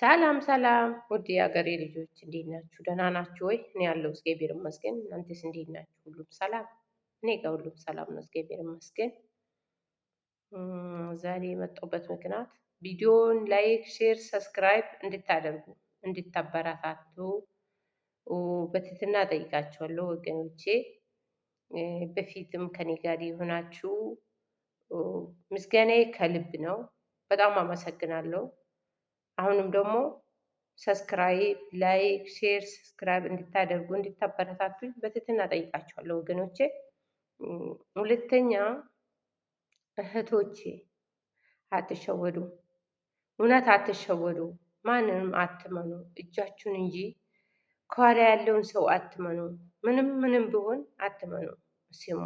ሰላም ሰላም ውድ የአገሬ ልጆች እንዴት ናችሁ? ደህና ናችሁ ወይ? እኔ ያለው እግዚአብሔር ይመስገን። እናንተስ እንዴት ናችሁ? ሁሉም ሰላም? እኔ ጋር ሁሉም ሰላም ነው፣ እግዚአብሔር ይመስገን። ዛሬ የመጣሁበት ምክንያት ቪዲዮን ላይክ፣ ሼር፣ ሰብስክራይብ እንድታደርጉ እንድታበረታቱ በትህትና ጠይቃችኋለሁ ወገኖቼ። በፊትም ከኔ ጋር የሆናችሁ ምስጋናዬ ከልብ ነው። በጣም አመሰግናለሁ። አሁንም ደግሞ ሰብስክራይብ፣ ላይክ፣ ሼር፣ ሰብስክራይብ እንድታደርጉ እንድታበረታቱኝ በትህትና ጠይቃችኋለሁ ወገኖቼ። ሁለተኛ እህቶቼ አትሸወዱ፣ እውነት አትሸወዱ። ማንንም አትመኑ፣ እጃችሁን እንጂ ከኋላ ያለውን ሰው አትመኑ። ምንም ምንም ቢሆን አትመኑ። ስሙ፣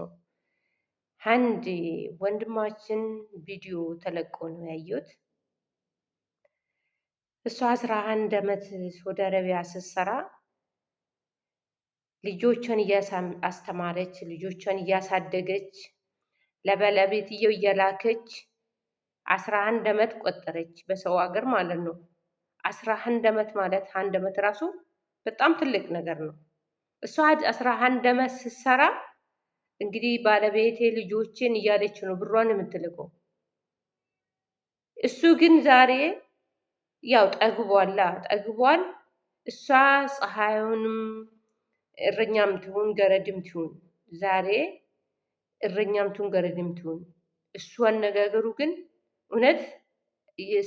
አንድ ወንድማችን ቪዲዮ ተለቆ ነው ያየሁት። እሷ አስራ አንድ ዓመት ሳውዲ አረቢያ ስትሰራ ልጆቿን አስተማረች፣ ልጆቿን እያሳደገች ለባለቤትየው እየላከች አስራ አንድ ዓመት ቆጠረች። በሰው ሀገር ማለት ነው። አስራ አንድ ዓመት ማለት አንድ ዓመት ራሱ በጣም ትልቅ ነገር ነው። እሷ አስራ አንድ ዓመት ስትሰራ እንግዲህ ባለቤቴ ልጆችን እያለች ነው ብሯን የምትልቀው። እሱ ግን ዛሬ ያው ጠግቧላ ጠግቧል። እሷ ፀሐዩንም እረኛም ትሁን ገረድም ትሁን ዛሬ እረኛም ትሁን ገረድም ትሁን እሱ አነጋገሩ ግን እውነት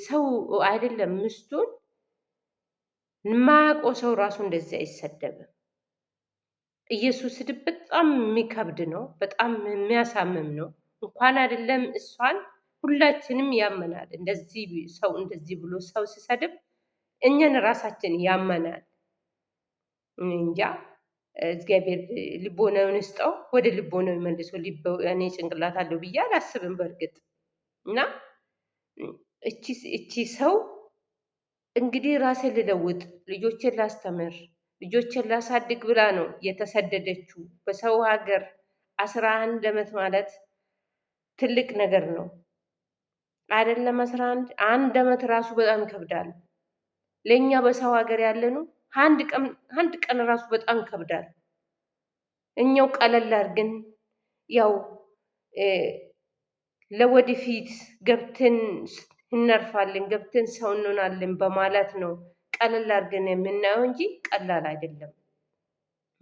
ሰው አይደለም ምስቱን ማቆ ሰው ራሱ እንደዚህ አይሰደብም። ኢየሱስ ስድብ በጣም የሚከብድ ነው። በጣም የሚያሳምም ነው። እንኳን አይደለም እሷን ሁላችንም ያመናል። እንደዚህ ሰው እንደዚህ ብሎ ሰው ሲሰድብ እኛን ራሳችን ያመናል። እንጃ እግዚአብሔር ልቦናውን ይስጠው፣ ወደ ልቦናው ይመልሶ። እኔ ጭንቅላት አለው ብዬ አላስብም። በእርግጥ እና እቺ ሰው እንግዲህ ራሴን ልለውጥ፣ ልጆችን ላስተምር፣ ልጆችን ላሳድግ ብላ ነው የተሰደደችው በሰው ሀገር አስራ አንድ ዓመት ማለት ትልቅ ነገር ነው። አይደለም አስራ አንድ አንድ አመት ራሱ በጣም ይከብዳል። ለእኛ በሰው ሀገር ነው። አንድ ቀን አንድ ቀን ራሱ በጣም ይከብዳል። እኛው ቀለል አድርገን ያው ለወደፊት ገብተን እናርፋለን ገብተን ሰው እንሆናለን በማለት ነው ቀለል አድርገን የምናየው እንጂ ቀላል አይደለም።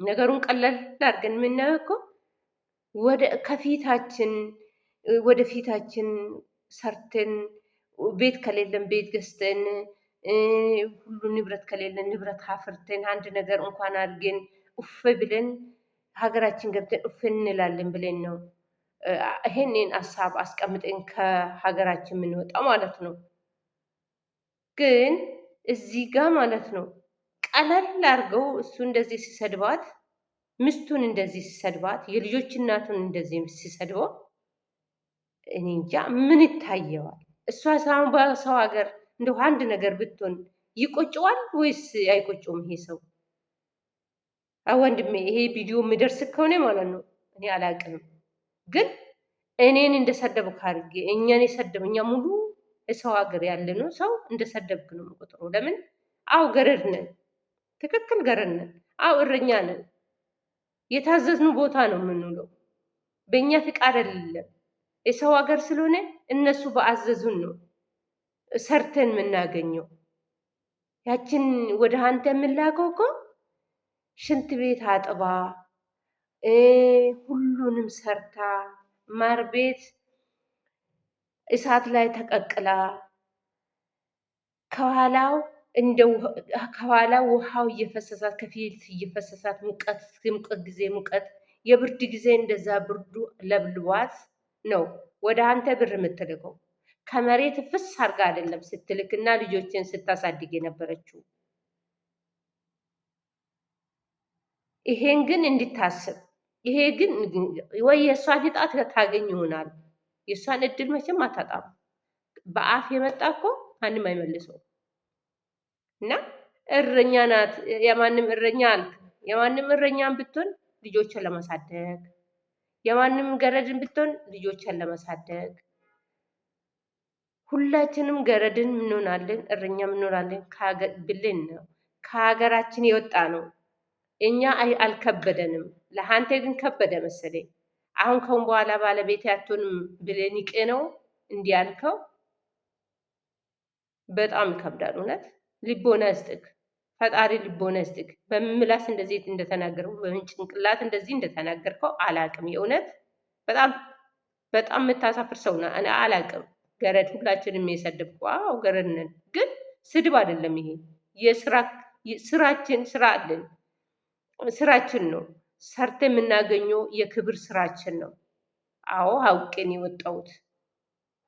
ነገሩን ቀለል አድርገን የምናየው እኮ ወደ ከፊታችን ወደፊታችን ሰርተን ቤት ከሌለን ቤት ገዝተን ሁሉ ንብረት ከሌለን ንብረት አፍርተን አንድ ነገር እንኳን አድርገን እፍ ብለን ሀገራችን ገብተን እፍ እንላለን ብለን ነው ይሄንን ሀሳብ አስቀምጠን ከሀገራችን የምንወጣ ማለት ነው። ግን እዚህ ጋ ማለት ነው ቀለል አድርገው እሱ እንደዚህ ሲሰድባት፣ ሚስቱን እንደዚህ ሲሰድባት፣ የልጆች እናቱን እንደዚህ ሲሰድበው እኔ እንጃ ምን ይታየዋል? እሷ ሳሁን በሰው ሀገር እንደው አንድ ነገር ብትሆን ይቆጨዋል ወይስ አይቆጨውም? ይሄ ሰው ወንድሜ፣ ይሄ ቪዲዮ የሚደርስ ከሆነ ማለት ነው እኔ አላውቅም፣ ግን እኔን እንደሰደብክ አድርጌ እኛን የሰደብ እኛ ሙሉ ሰው ሀገር ያለ ነው ሰው እንደሰደብክ ነው የምቆጥረው። ለምን አው ገረድ ነን፣ ትክክል ገረድ ነን፣ አው እረኛ ነን። የታዘዝኑ ቦታ ነው የምንውለው፣ በእኛ ፍቃድ አይደለም። የሰው ሀገር ስለሆነ እነሱ በአዘዙን ነው ሰርተን የምናገኘው። ያችን ወደ አንተ የምላከው እኮ ሽንት ቤት አጥባ ሁሉንም ሰርታ ማር ቤት እሳት ላይ ተቀቅላ ከኋላው እንደ ከኋላ ውሃው እየፈሰሳት ከፊት እየፈሰሳት ሙቀት ሙቀት ጊዜ ሙቀት የብርድ ጊዜ እንደዛ ብርዱ ለብልባት። ነው ወደ አንተ ብር የምትልከው ከመሬት ፍስ አርጋ አይደለም ስትልክና ልጆችን ስታሳድግ የነበረችው። ይሄን ግን እንድታስብ ይሄ ግን ወይ የእሷን ጣት ታገኝ ይሆናል። የእሷን እድል መቼም አታጣም። በአፍ የመጣ እኮ ማንም አይመልሰው እና እረኛ ናት። የማንም እረኛ አልክ፣ የማንም እረኛን ብትሆን ልጆችን ለማሳደግ የማንም ገረድን ብትሆን ልጆችን ለማሳደግ ሁላችንም ገረድን እንሆናለን፣ እረኛም እንሆናለን። ብልን ነው ከሀገራችን የወጣ ነው። እኛ አልከበደንም፣ ለአንተ ግን ከበደ መሰለኝ። አሁን ከሁን በኋላ ባለቤት አትሆንም ብለን ይቅ ነው እንዲያልከው በጣም ይከብዳል። እውነት ልቦና ይስጥክ። ፈጣሪ ልቦነ ስጥክ። በምላስ እንደዚህ እንደተናገርከው፣ በምን ጭንቅላት እንደዚህ እንደተናገርከው አላቅም። የእውነት በጣም በጣም የምታሳፍር ሰው ነው። እኔ አላቅም። ገረድ ሁላችንም የሰደብኩ አዎ፣ ገረድ ነን። ግን ስድብ አይደለም ይሄ የስራ ስራችን ስራ አለን ስራችን ነው ሰርተ የምናገኘው የክብር ስራችን ነው። አዎ ሀውቄን የወጣሁት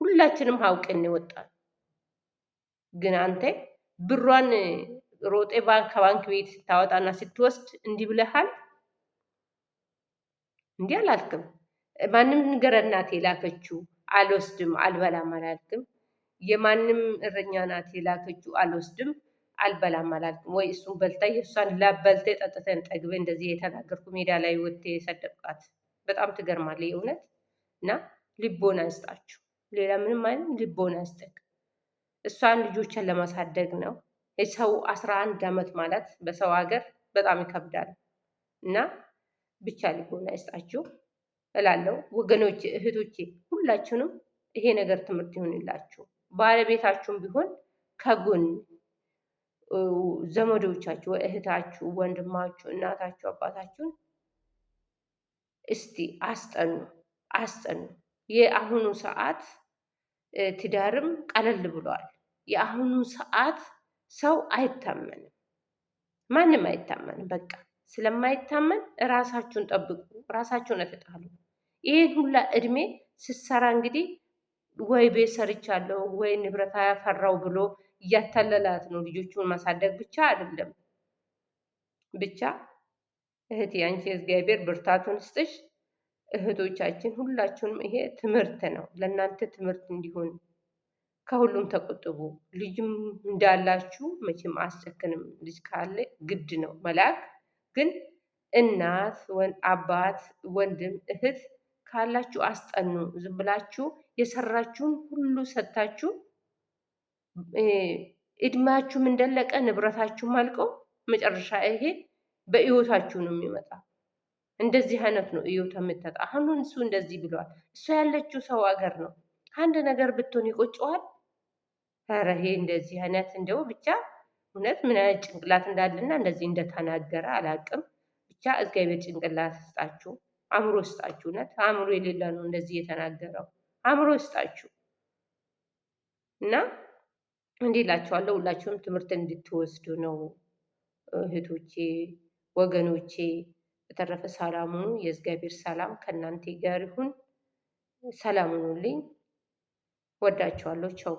ሁላችንም ሀውቄን የወጣን ግን አንተ ብሯን ሮጤ ባንክ ከባንክ ቤት ስታወጣና ስትወስድ እንዲህ ብለሃል፣ እንዲህ አላልክም። ማንም ንገረ ንገረናት የላከችው አልወስድም አልበላም አላልክም። የማንም እረኛ ናት የላከችው አልወስድም አልበላም አላልክም ወይ? እሱን በልታ የእሷን ላበልተ ጠጥተን ጠግበ እንደዚህ የተናገርኩ ሜዳ ላይ ወጥተ የሰደብቃት በጣም ትገርማለ። የእውነት እና ልቦና ይስጣችሁ። ሌላ ምንም አይነት ልቦና ይስጠቅ። እሷን ልጆችን ለማሳደግ ነው። የሰው አስራ አንድ ዓመት ማለት በሰው ሀገር በጣም ይከብዳል እና ብቻ ልቦና ይስጣችሁ እላለሁ ወገኖች፣ እህቶቼ ሁላችሁንም ይሄ ነገር ትምህርት ይሆንላችሁ። ባለቤታችሁም ቢሆን ከጎን ዘመዶቻችሁ፣ እህታችሁ፣ ወንድማችሁ፣ እናታችሁ፣ አባታችሁን እስቲ አስጠኑ አስጠኑ። የአሁኑ ሰዓት ትዳርም ቀለል ብሏል። የአሁኑ ሰዓት ሰው አይታመንም፣ ማንም አይታመንም። በቃ ስለማይታመን ራሳችሁን ጠብቁ፣ ራሳችሁን አትጣሉ። ይህን ሁላ እድሜ ስትሰራ እንግዲህ ወይ ቤት ሰርቻለሁ ወይ ንብረት ያፈራው ብሎ እያታለላት ነው። ልጆቹን ማሳደግ ብቻ አይደለም። ብቻ እህት አንቺ እግዚአብሔር ብርታቱን ስጥሽ። እህቶቻችን ሁላችሁንም ይሄ ትምህርት ነው፣ ለእናንተ ትምህርት እንዲሆን ከሁሉም ተቆጥቡ። ልጅም እንዳላችሁ መቼም አስጨክንም። ልጅ ካለ ግድ ነው መላክ። ግን እናት፣ አባት፣ ወንድም፣ እህት ካላችሁ አስጠኑ። ዝም ብላችሁ የሰራችሁን ሁሉ ሰጥታችሁ እድሜያችሁም እንደለቀ ንብረታችሁም አልቆ መጨረሻ ይሄ በእዮታችሁ ነው የሚመጣ። እንደዚህ አይነት ነው እዮታ የምታጣ። አሁን እሱ እንደዚህ ብለዋል። እሱ ያለችው ሰው ሀገር ነው። አንድ ነገር ብትሆን ይቆጨዋል። ኧረ ይሄ እንደዚህ አይነት እንደው ብቻ እውነት ምን አይነት ጭንቅላት እንዳለና እንደዚህ እንደተናገረ አላቅም። ብቻ እግዚአብሔር ጭንቅላት ስጣችሁ፣ አእምሮ ስጣችሁ። እውነት አእምሮ የሌለ ነው እንደዚህ የተናገረው። አእምሮ ስጣችሁ እና እንዲህ እላችኋለሁ። ሁላችሁም ትምህርት እንድትወስዱ ነው እህቶቼ፣ ወገኖቼ። በተረፈ ሰላም ሁኑ። የእግዚአብሔር ሰላም ከእናንተ ጋር ይሁን። ሰላም ሁኑልኝ። ወዳችኋለሁ። ቸው